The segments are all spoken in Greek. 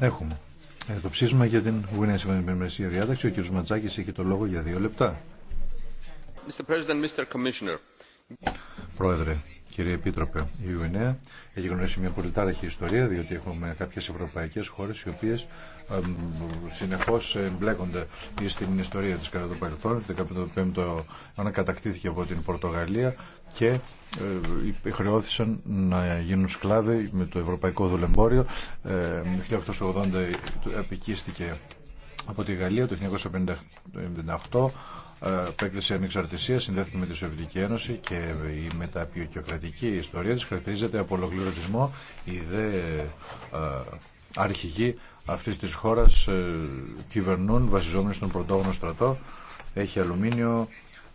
Έχουμε. Ε, το ψήσμα για την Γουνέα Συμφωνία Μερμεσία Διάταξη. Ο κ. Ματσάκης έχει το λόγο για δύο λεπτά. Πρόεδρε, κύριε Επίτροπε, η Ιουνέα έχει γνωρίσει μια πολύ τάραχη ιστορία, διότι έχουμε κάποιες ευρωπαϊκές χώρες οι οποίες συνεχώς εμπλέκονται στην ιστορία της κατά το παρελθόν. Το 15ο ανακατακτήθηκε από την Πορτογαλία και ε, χρεώθησαν να γίνουν σκλάβοι με το ευρωπαϊκό δουλεμπόριο. Το 1880 επικίστηκε από τη Γαλλία το 1958 επέκταση ανεξαρτησία συνδέθηκε με τη Σοβιετική Ένωση και η μεταπιοκρατική ιστορία τη χαρακτηρίζεται από ολοκληρωτισμό. Η δε αρχηγοί αυτή τη χώρα ε, κυβερνούν βασιζόμενοι στον πρωτόγνωρο στρατό. Έχει αλουμίνιο,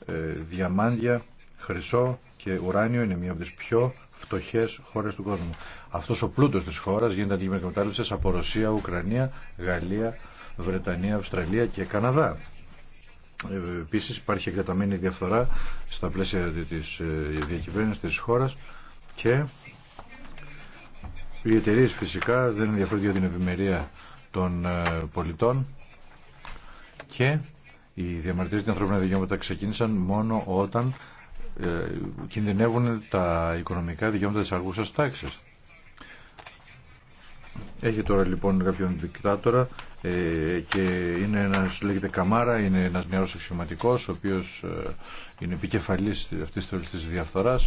ε, διαμάντια, χρυσό και ουράνιο. Είναι μία από τι πιο φτωχέ χώρε του κόσμου. Αυτό ο πλούτο τη χώρα γίνεται αντικείμενο από Ρωσία, Ουκρανία, Γαλλία, Βρετανία, Αυστραλία και Καναδά. Ε, Επίση υπάρχει εκτεταμένη διαφθορά στα πλαίσια της ε, διακυβέρνησης της χώρας και οι εταιρείε φυσικά δεν ενδιαφέρονται για την ευημερία των ε, πολιτών και οι διαμαρτυρίες των ανθρώπινων δικαιώματα ξεκίνησαν μόνο όταν κινδυνεύουν τα οικονομικά δικαιώματα της αργούσας τάξης. Έχει τώρα λοιπόν κάποιον δικτάτορα ε, και είναι ένας, λέγεται Καμάρα, είναι ένας νεαρός αξιωματικός, ο οποίος ε, είναι επικεφαλής αυτής της διαφθοράς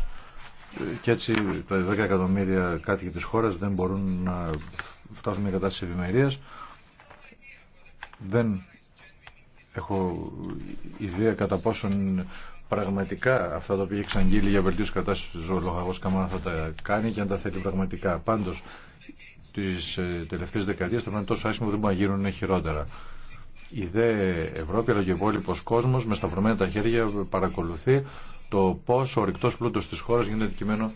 ε, και έτσι τα 10 εκατομμύρια κάτοικοι της χώρας δεν μπορούν να φτάσουν μια κατάσταση ευημερίας. Δεν έχω ιδέα κατά πόσον πραγματικά αυτά τα οποία εξαγγείλει για βελτίωση κατάσταση του λογαγός Καμάρα θα τα κάνει και αν τα θέλει πραγματικά. Πάντως, τι ε, τελευταίε δεκαετίε το να τόσο άσχημο που δεν μπορούν να γίνουν χειρότερα. Η δε Ευρώπη αλλά και ο υπόλοιπο κόσμο, με σταυρωμένα τα χέρια παρακολουθεί το πώ ο ορυκτό πλούτο τη χώρα γίνεται κειμένο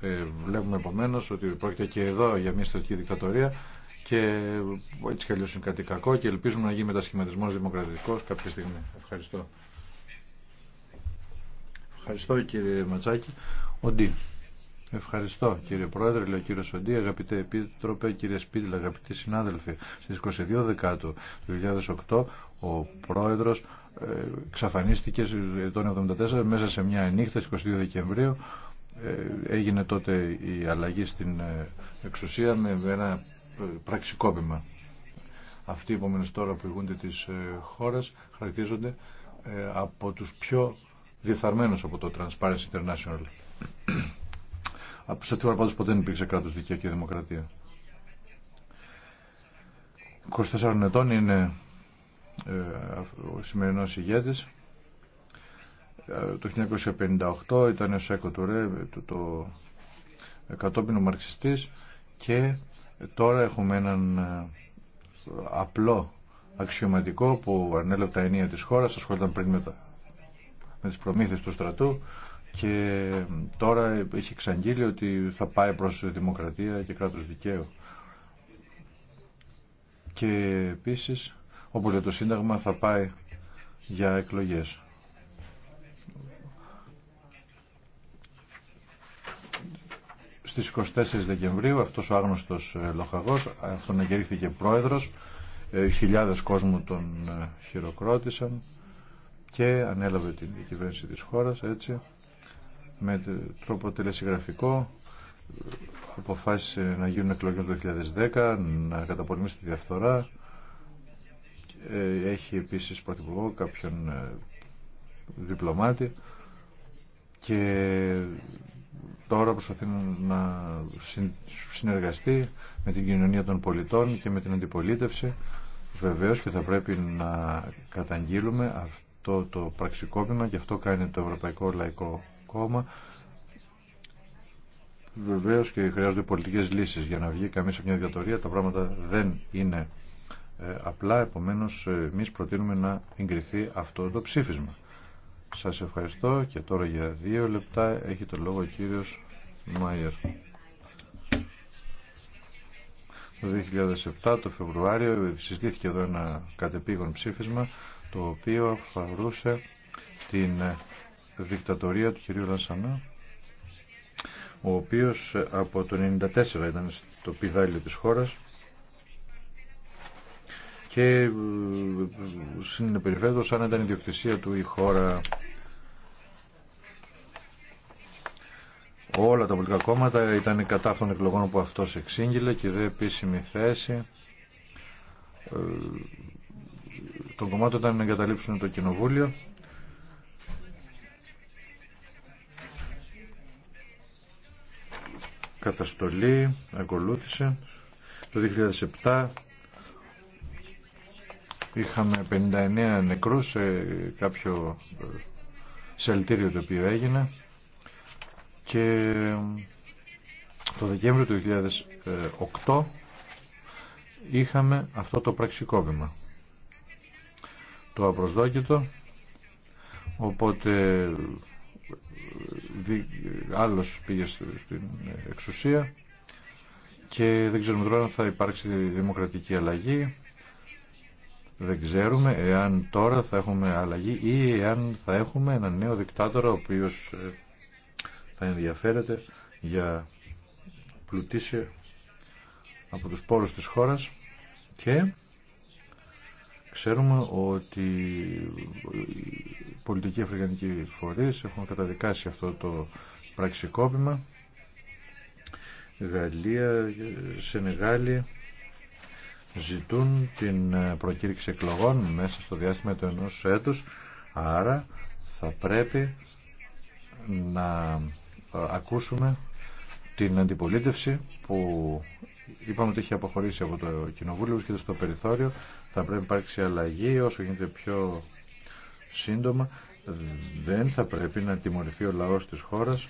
Ε, βλέπουμε επομένω ότι πρόκειται και εδώ για μια στρατική δικτατορία και έτσι καλώ είναι κάτι κακό και ελπίζουμε να γίνει μετασχηματισμό δημοκρατικό κάποια στιγμή. Ευχαριστώ. Ευχαριστώ κύριε Ματσάκη. Ο Ντίν. Ευχαριστώ κύριε Πρόεδρε, λέει ο κύριο Σοντή, αγαπητέ Επίτροπε, κύριε Σπίτλ, αγαπητοί συνάδελφοι. Στι 22 Δεκάτου του 2008 ο Πρόεδρο εξαφανίστηκε ε, το 1974 μέσα σε μια νύχτα 22 Δεκεμβρίου. Ε, έγινε τότε η αλλαγή στην ε, εξουσία με ένα πραξικόπημα. Αυτοί οι επόμενε τώρα που ηγούνται της χώρας χαρακτηρίζονται από του πιο διεφθαρμένου από το Transparency International. Σε αυτή τη πάντως ποτέ δεν υπήρξε κράτος δικαίου και δημοκρατία. 24 ετών είναι ε, ο σημερινός ηγέτης. Ε, το 1958 ήταν ο Σέκο Τουρέ, το, το κατόπιν μαρξιστής και τώρα έχουμε έναν ε, απλό αξιωματικό που ανέλαβε τα ενία της χώρας, ασχολούνταν πριν με, τα, με τις προμήθειες του στρατού, και τώρα έχει εξαγγείλει ότι θα πάει προς δημοκρατία και κράτος δικαίου. Και επίσης, όπως για το Σύνταγμα, θα πάει για εκλογές. Στις 24 Δεκεμβρίου αυτός ο άγνωστος ε, λοχαγός, αυτόν εγκαιρίχθηκε πρόεδρος, ε, χιλιάδες κόσμου τον ε, χειροκρότησαν και ανέλαβε την κυβέρνηση της χώρας έτσι με τρόπο τελεσυγραφικό αποφάσισε να γίνουν εκλογέ το 2010, να καταπολεμήσει τη διαφθορά. Ε, έχει επίσης πρωθυπουργό κάποιον ε, διπλωμάτη και τώρα προσπαθεί να συνεργαστεί με την κοινωνία των πολιτών και με την αντιπολίτευση. Βεβαίως και θα πρέπει να καταγγείλουμε αυτό το πραξικόπημα και αυτό κάνει το Ευρωπαϊκό Λαϊκό κόμμα. Βεβαίω και χρειάζονται πολιτικέ λύσει για να βγει καμία σε μια διατορία. Τα πράγματα δεν είναι ε, απλά. Επομένω, εμεί προτείνουμε να εγκριθεί αυτό το ψήφισμα. Σα ευχαριστώ και τώρα για δύο λεπτά έχει το λόγο ο κύριο Μάιερ. Το 2007, το Φεβρουάριο, συζητήθηκε εδώ ένα κατεπήγον ψήφισμα το οποίο αφορούσε την δικτατορία του κυρίου Λασανά, ο οποίος από το 1994 ήταν στο πηδάλιο της χώρας και συνεπεριφέρεται ε, σαν ήταν ιδιοκτησία του η χώρα όλα τα πολιτικά κόμματα ήταν κατά αυτών εκλογών που αυτός εξήγηλε και δεν επίσημη θέση ε, των κομμάτων ήταν να εγκαταλείψουν το κοινοβούλιο καταστολή ακολούθησε. Το 2007 είχαμε 59 νεκρούς σε κάποιο ε, σελτήριο το οποίο έγινε και ε, το Δεκέμβριο του 2008 είχαμε αυτό το πραξικόπημα το απροσδόκητο οπότε άλλος πήγε στην εξουσία και δεν ξέρουμε τώρα αν θα υπάρξει δημοκρατική αλλαγή. Δεν ξέρουμε εάν τώρα θα έχουμε αλλαγή ή εάν θα έχουμε έναν νέο δικτάτορα ο οποίος ε, θα ενδιαφέρεται για πλουτίσια από τους πόρους της χώρας και Ξέρουμε ότι οι πολιτικοί αφρικανικοί φορείς έχουν καταδικάσει αυτό το πραξικόπημα. Γαλλία, Σενεγάλη ζητούν την προκήρυξη εκλογών μέσα στο διάστημα του ενός έτους. Άρα θα πρέπει να ακούσουμε την αντιπολίτευση που είπαμε ότι έχει αποχωρήσει από το Κοινοβούλιο και στο περιθώριο θα πρέπει να υπάρξει αλλαγή όσο γίνεται πιο σύντομα. Δεν θα πρέπει να τιμωρηθεί ο λαός της χώρας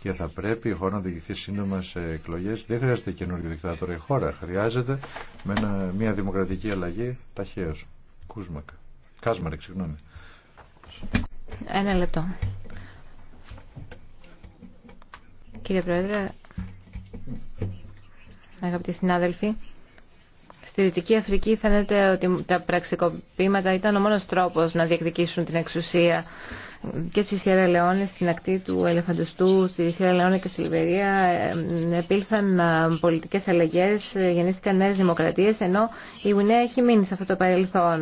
και θα πρέπει η χώρα να διηγηθεί σύντομα σε εκλογές. Δεν χρειάζεται καινούργιο δικτάτορα η χώρα. Χρειάζεται με μια δημοκρατική αλλαγή ταχαίως. Κούσμακα. Κάσμαρ, συγγνώμη. Ένα λεπτό. Κύριε Πρόεδρε, αγαπητοί συνάδελφοι, Στη Δυτική Αφρική φαίνεται ότι τα πραξικοπήματα ήταν ο μόνος τρόπος να διεκδικήσουν την εξουσία και στη Σιέρα Λεόνε, στην ακτή του Ελεφαντοστού, στη Σιέρα Λεόνε και στη Λιβερία επήλθαν πολιτικές αλλαγές, ε, γεννήθηκαν νέες δημοκρατίες, ενώ η Γουινέα έχει μείνει σε αυτό το παρελθόν.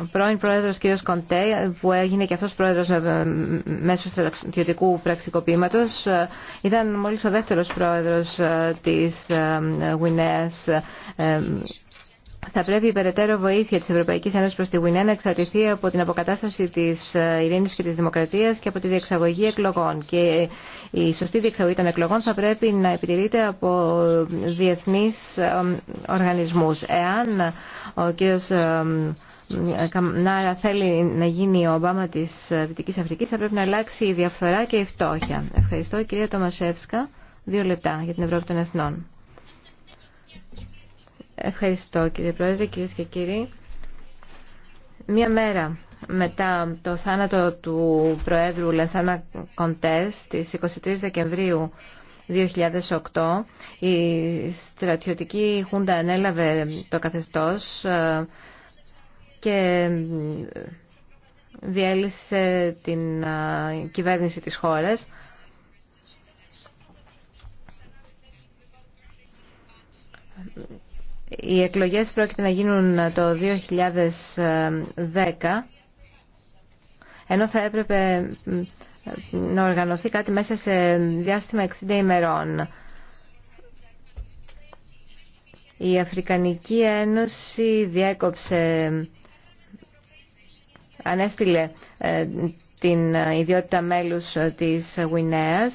Ο πρώην πρόεδρος κ. Κοντέ, που έγινε και αυτός πρόεδρος ε, μέσω στρατιωτικού πραξικοπήματος, ε, ήταν μόλις ο δεύτερος πρόεδρος ε, της Γουινέας θα πρέπει η περαιτέρω βοήθεια τη Ευρωπαϊκή Ένωση προ τη Γουινέα να εξαρτηθεί από την αποκατάσταση τη ε, ειρήνη και τη Δημοκρατία και από τη διεξαγωγή εκλογών. Και η σωστή διεξαγωγή των εκλογών θα πρέπει να επιτηρείται από διεθνεί ε, οργανισμού. Εάν ο κύριος ε, να θέλει να γίνει ο Ομπάμα τη Δυτική Αφρική, θα πρέπει να αλλάξει η διαφθορά και η φτώχεια. Ευχαριστώ κυρία Τομασέφσκα. Δύο λεπτά για την Ευρώπη των Εθνών. Ευχαριστώ κύριε Πρόεδρε, κυρίε και κύριοι. Μία μέρα μετά το θάνατο του Προέδρου Λενθάνα Κοντές στις 23 Δεκεμβρίου 2008 η στρατιωτική Χούντα ανέλαβε το καθεστώς ε, και διέλυσε την ε, κυβέρνηση της χώρας. Οι εκλογές πρόκειται να γίνουν το 2010, ενώ θα έπρεπε να οργανωθεί κάτι μέσα σε διάστημα 60 ημερών. Η Αφρικανική Ένωση διέκοψε, ανέστηλε ε, την ιδιότητα μέλους της Γουινέας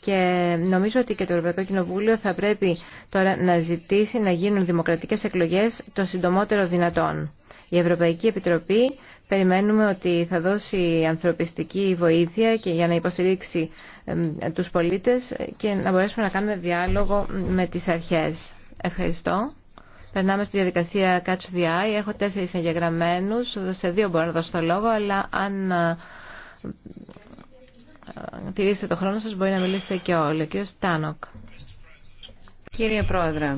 και νομίζω ότι και το Ευρωπαϊκό Κοινοβούλιο θα πρέπει τώρα να ζητήσει να γίνουν δημοκρατικές εκλογές το συντομότερο δυνατόν. Η Ευρωπαϊκή Επιτροπή περιμένουμε ότι θα δώσει ανθρωπιστική βοήθεια και για να υποστηρίξει τους πολίτες και να μπορέσουμε να κάνουμε διάλογο με τις αρχές. Ευχαριστώ. Περνάμε στη διαδικασία Catch the Eye. Έχω τέσσερις εγγεγραμμένους. Σε δύο μπορώ να δώσω το λόγο, αλλά αν τηρήσετε το χρόνο σας, μπορεί να μιλήσετε και όλοι. Ο κύριος Κύριε Πρόεδρε,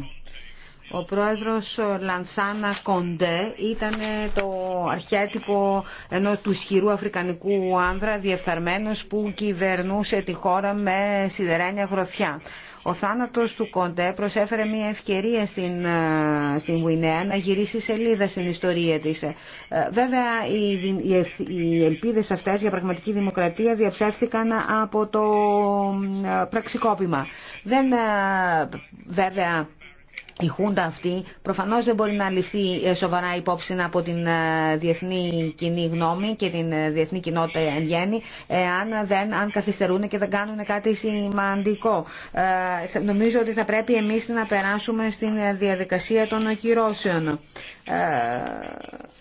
ο πρόεδρος Λανσάνα Κοντέ ήταν το αρχέτυπο ενό του ισχυρού αφρικανικού άνδρα διεφθαρμένος που κυβερνούσε τη χώρα με σιδερένια γροθιά. Ο θάνατος του Κοντέ προσέφερε μια ευκαιρία στην, ε, στην Γουινέα να γυρίσει σελίδα στην ιστορία της. Ε, βέβαια, οι, οι, οι ελπίδες αυτές για πραγματική δημοκρατία διαψεύστηκαν από το ε, πραξικόπημα. Δεν, βέβαια, η χούντα αυτή προφανώς δεν μπορεί να ληφθεί ε, σοβαρά υπόψη από την ε, διεθνή κοινή γνώμη και την ε, διεθνή κοινότητα εν γέννη, εάν, δεν, αν καθυστερούν και δεν κάνουν κάτι σημαντικό. νομίζω ότι θα πρέπει εμείς να περάσουμε στην διαδικασία των ακυρώσεων. Ε,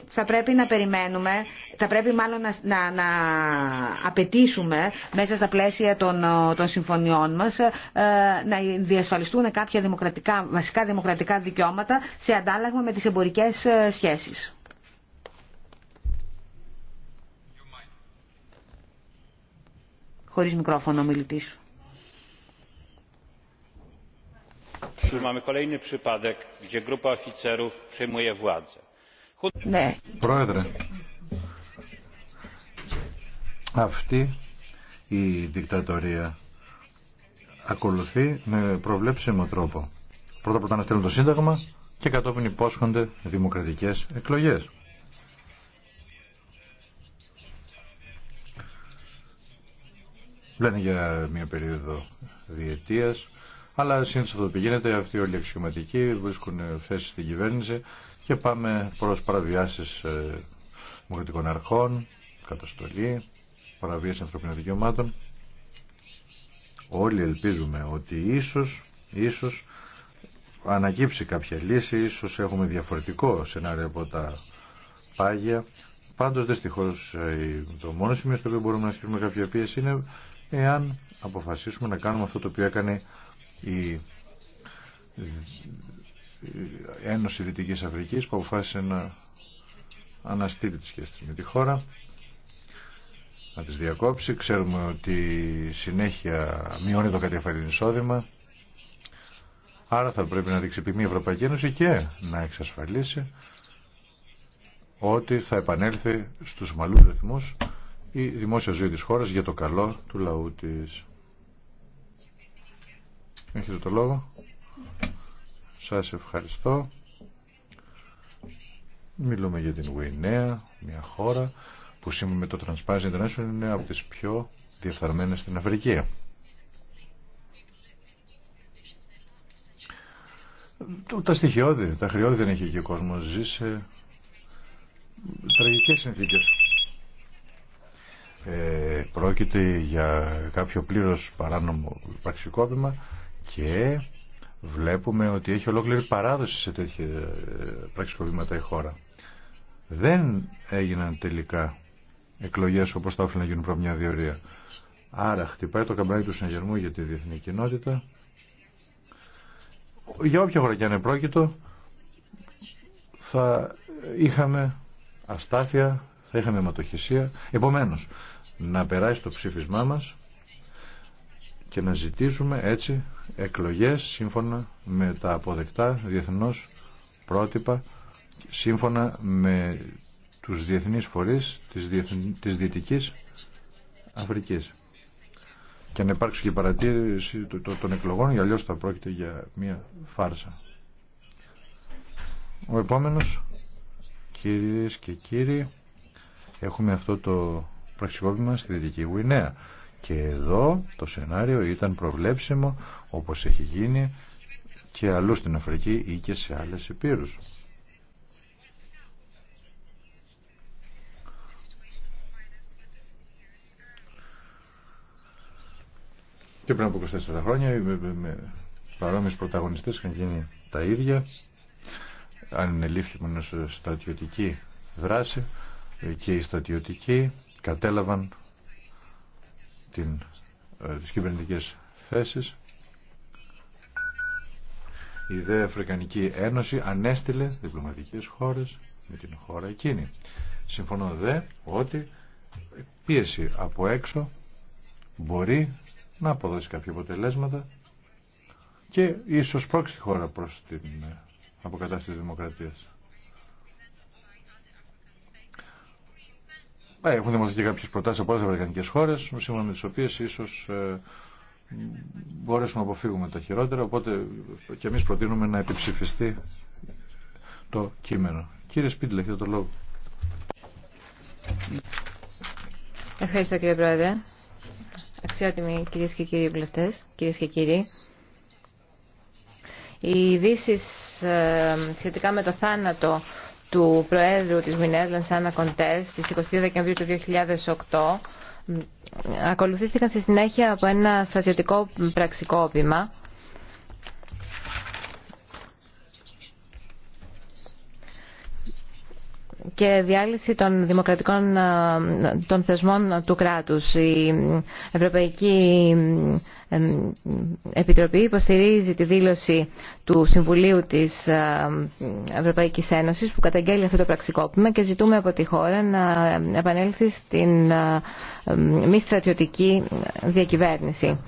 θα πρέπει να περιμένουμε, θα πρέπει μάλλον να, να, απαιτήσουμε μέσα στα πλαίσια των, συμφωνιών μας ε, να διασφαλιστούν κάποια δημοκρατικά, βασικά δημοκρατικά δικαιώματα σε αντάλλαγμα με τις εμπορικές ε, σχέσεις. Χωρίς μικρόφωνο μιλητής. mamy kolejny przypadek gdzie ναι. Πρόεδρε, αυτή η δικτατορία ακολουθεί με προβλέψιμο τρόπο. Πρώτα πρώτα να στέλνουν το Σύνταγμα και κατόπιν υπόσχονται δημοκρατικές εκλογές. Λένε για μια περίοδο διετίας αλλά σύντομα αυτό που γίνεται, αυτοί όλοι οι αξιωματικοί βρίσκουν θέση στην κυβέρνηση και πάμε προ παραβιάσει ε, δημοκρατικών αρχών, καταστολή, παραβίαση ανθρωπίνων δικαιωμάτων. Όλοι ελπίζουμε ότι ίσω, ίσω ανακύψει κάποια λύση, ίσω έχουμε διαφορετικό σενάριο από τα πάγια. Πάντω δυστυχώ ε, το μόνο σημείο στο οποίο μπορούμε να ασκήσουμε κάποια πίεση είναι εάν αποφασίσουμε να κάνουμε αυτό το οποίο έκανε η Ένωση Δυτικής Αφρικής που αποφάσισε να αναστείλει τη σχέση με τη χώρα να τις διακόψει. Ξέρουμε ότι συνέχεια μειώνει το κατεφαλήν εισόδημα. Άρα θα πρέπει να δείξει ποινή η Ευρωπαϊκή Ένωση και να εξασφαλίσει ότι θα επανέλθει στους μαλλούς ρυθμούς η δημόσια ζωή της χώρας για το καλό του λαού της. Έχετε το λόγο. Σας ευχαριστώ. Μιλούμε για την Γουινέα, μια χώρα που σήμερα με το Transparency International είναι από τις πιο διεφθαρμένες στην Αφρική. Τα στοιχειώδη, τα χρειώδη δεν έχει και ο κόσμος ζει σε τραγικές συνθήκες. Ε, πρόκειται για κάποιο πλήρως παράνομο πραξικόπημα και βλέπουμε ότι έχει ολόκληρη παράδοση σε τέτοια ε, πραξικοπήματα η χώρα. Δεν έγιναν τελικά εκλογές όπως θα όφελαν να γίνουν πρώτα μια διορία. Άρα χτυπάει το καμπάνι του συναγερμού για τη διεθνή κοινότητα. Για όποια χώρα και αν επρόκειτο θα είχαμε αστάθεια, θα είχαμε αιματοχυσία. Επομένως, να περάσει το ψήφισμά μας και να ζητήσουμε έτσι εκλογές σύμφωνα με τα αποδεκτά διεθνώς πρότυπα, σύμφωνα με τους διεθνείς φορείς της, της Δυτικής Αφρικής. Και να υπάρξει και παρατήρηση των εκλογών, για αλλιώς θα πρόκειται για μια φάρσα. Ο επόμενος, κυρίες και κύριοι, έχουμε αυτό το πραξικόπημα στη Δυτική Γουινέα. Και εδώ το σενάριο ήταν προβλέψιμο όπως έχει γίνει και αλλού στην Αφρική ή και σε άλλες επίρους. Και πριν από 24 χρόνια με παρόμοιες πρωταγωνιστές είχαν γίνει τα ίδια αν λήφθη μόνο στρατιωτική δράση ε, και οι στρατιωτικοί κατέλαβαν την, ε, τις κυβερνητικές θέσεις. Η ΔΕ Αφρικανική Ένωση ανέστηλε διπλωματικές χώρες με την χώρα εκείνη. Συμφωνώ δε ότι πίεση από έξω μπορεί να αποδώσει κάποια αποτελέσματα και ίσως πρόξει χώρα προς την αποκατάσταση της δημοκρατίας. Έχουν δημοσιευτεί κάποιες κάποιε προτάσει από τι ευρωπαϊκέ χώρε, σύμφωνα με τι οποίε ίσω ε, μπορέσουμε να αποφύγουμε τα χειρότερα. Οπότε και εμεί προτείνουμε να επιψηφιστεί το κείμενο. Κύριε Σπίτλε, έχετε το λόγο. Ευχαριστώ κύριε Πρόεδρε. Αξιότιμοι κυρίε και κύριοι βουλευτέ, κυρίε και κύριοι. Οι ειδήσει ε, σχετικά με το θάνατο του Προέδρου της Γουινέας Λανσάνα Κοντές στις 22 Δεκεμβρίου του 2008 ακολουθήθηκαν στη συνέχεια από ένα στρατιωτικό πραξικόπημα και διάλυση των δημοκρατικών των θεσμών του κράτους. Η Ευρωπαϊκή Επιτροπή υποστηρίζει τη δήλωση του Συμβουλίου της ε, Ευρωπαϊκής Ένωσης που καταγγέλει αυτό το πραξικόπημα και ζητούμε από τη χώρα να επανέλθει στην ε, μη στρατιωτική διακυβέρνηση.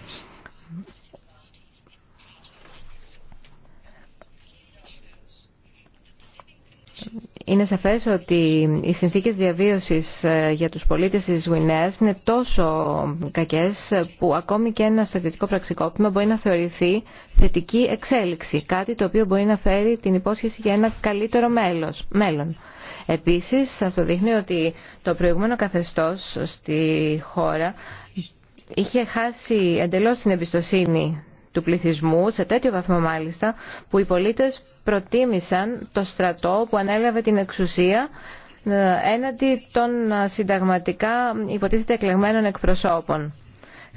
Είναι σαφές ότι οι συνθήκες διαβίωσης ε, για τους πολίτες της Γουινέας είναι τόσο κακές που ακόμη και ένα στρατιωτικό πραξικόπημα μπορεί να θεωρηθεί θετική εξέλιξη, κάτι το οποίο μπορεί να φέρει την υπόσχεση για ένα καλύτερο μέλος, μέλλον. Επίσης, αυτό δείχνει ότι το προηγούμενο καθεστώς στη χώρα είχε χάσει εντελώς την εμπιστοσύνη του σε τέτοιο βαθμό μάλιστα, που οι πολίτες προτίμησαν το στρατό που ανέλαβε την εξουσία ε, έναντι των ε, συνταγματικά υποτίθεται εκλεγμένων εκπροσώπων.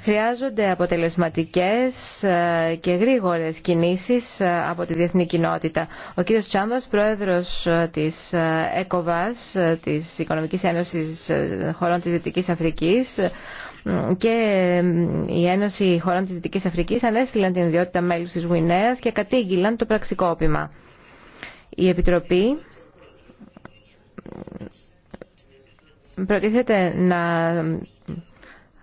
Χρειάζονται αποτελεσματικές ε, και γρήγορες κινήσεις από τη διεθνή κοινότητα. Ο κύριος Τσάμπας, πρόεδρος της ΕΚΟΒΑΣ, της Οικονομικής Ένωσης Χωρών της Δυτικής Αφρικής, και η Ένωση Χωρών της Δυτικής Αφρικής ανέστηλαν την ιδιότητα μέλους της Γουινέας και κατήγγυλαν το πραξικόπημα. Η Επιτροπή προτίθεται να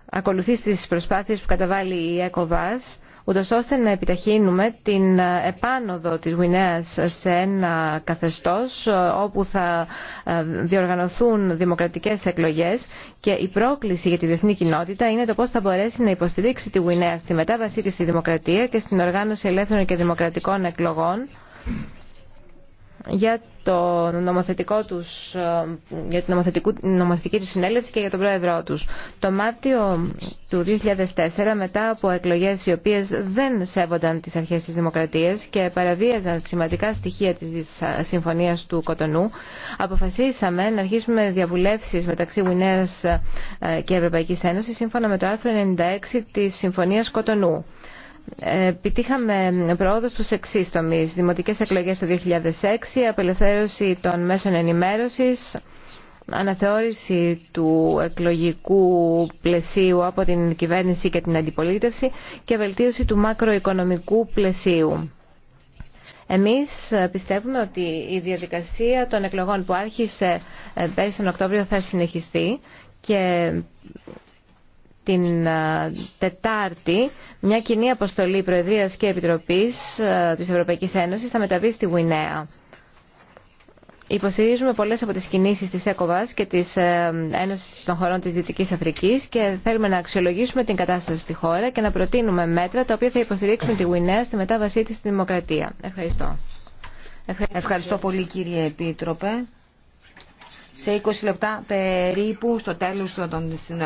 ακολουθεί τις προσπάθειες που καταβάλει η ΕΚΟΒΑΣ ούτως ώστε να επιταχύνουμε την επάνωδο της Γουινέας σε ένα καθεστώς όπου θα ε, διοργανωθούν δημοκρατικές εκλογές και η πρόκληση για τη διεθνή κοινότητα είναι το πώς θα μπορέσει να υποστηρίξει τη Γουινέα στη μετάβασή της στη δημοκρατία και στην οργάνωση ελεύθερων και δημοκρατικών εκλογών για, το νομοθετικό τους, ε, για την νομοθετική του συνέλευση και για τον πρόεδρό του. Το Μάρτιο του 2004, μετά από εκλογές οι οποίες δεν σέβονταν τις αρχές της δημοκρατίας και παραβίαζαν σημαντικά στοιχεία της συμφωνίας του Κοτονού, αποφασίσαμε να αρχίσουμε διαβουλεύσεις μεταξύ Γουινέα ε, και Ευρωπαϊκής ένωση σύμφωνα με το άρθρο 96 τη Συμφωνία Κοτονού επιτύχαμε πρόοδο στου εξή τομείς. Δημοτικές εκλογές το 2006, απελευθέρωση των μέσων ενημέρωσης, αναθεώρηση του εκλογικού πλαισίου από την κυβέρνηση και την αντιπολίτευση και βελτίωση του μακροοικονομικού πλαισίου. Εμείς πιστεύουμε ότι η διαδικασία των εκλογών που άρχισε ε, πέρυσι τον Οκτώβριο θα συνεχιστεί και την ε, Τετάρτη μια κοινή αποστολή Προεδρίας και Επιτροπής ε, της Ευρωπαϊκής Ένωσης θα μεταβεί στη Γουινέα. Υποστηρίζουμε πολλές από τις κινήσεις της ΕΚΟΒΑΣ και της ε, Ένωσης των χωρών της Δυτικής Αφρικής και θέλουμε να αξιολογήσουμε την κατάσταση στη χώρα και να προτείνουμε μέτρα τα οποία θα υποστηρίξουν τη Γουινέα στη μετάβασή της στη δημοκρατία. Ευχαριστώ, Ευχαριστώ πολύ κύριε Επίτροπε. Σε 20 λεπτά περίπου, στο τέλος των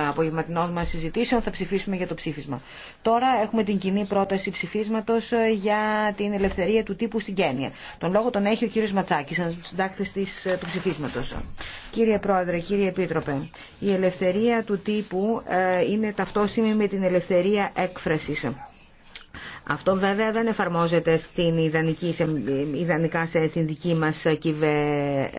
απογευματινών μας συζητήσεων, θα ψηφίσουμε για το ψήφισμα. Τώρα έχουμε την κοινή πρόταση ψηφίσματος ε, για την ελευθερία του τύπου στην Κένια. Τον λόγο τον έχει ο κύριος Ματσάκης, σαν συντάκτης της, ε, του ψηφίσματος. Κύριε Πρόεδρε, κύριε Επίτροπε, η ελευθερία του τύπου ε, είναι ταυτόσιμη με την ελευθερία έκφρασης. Αυτό βέβαια δεν εφαρμόζεται στην ιδανική, ιδανικά σε, στην δική μας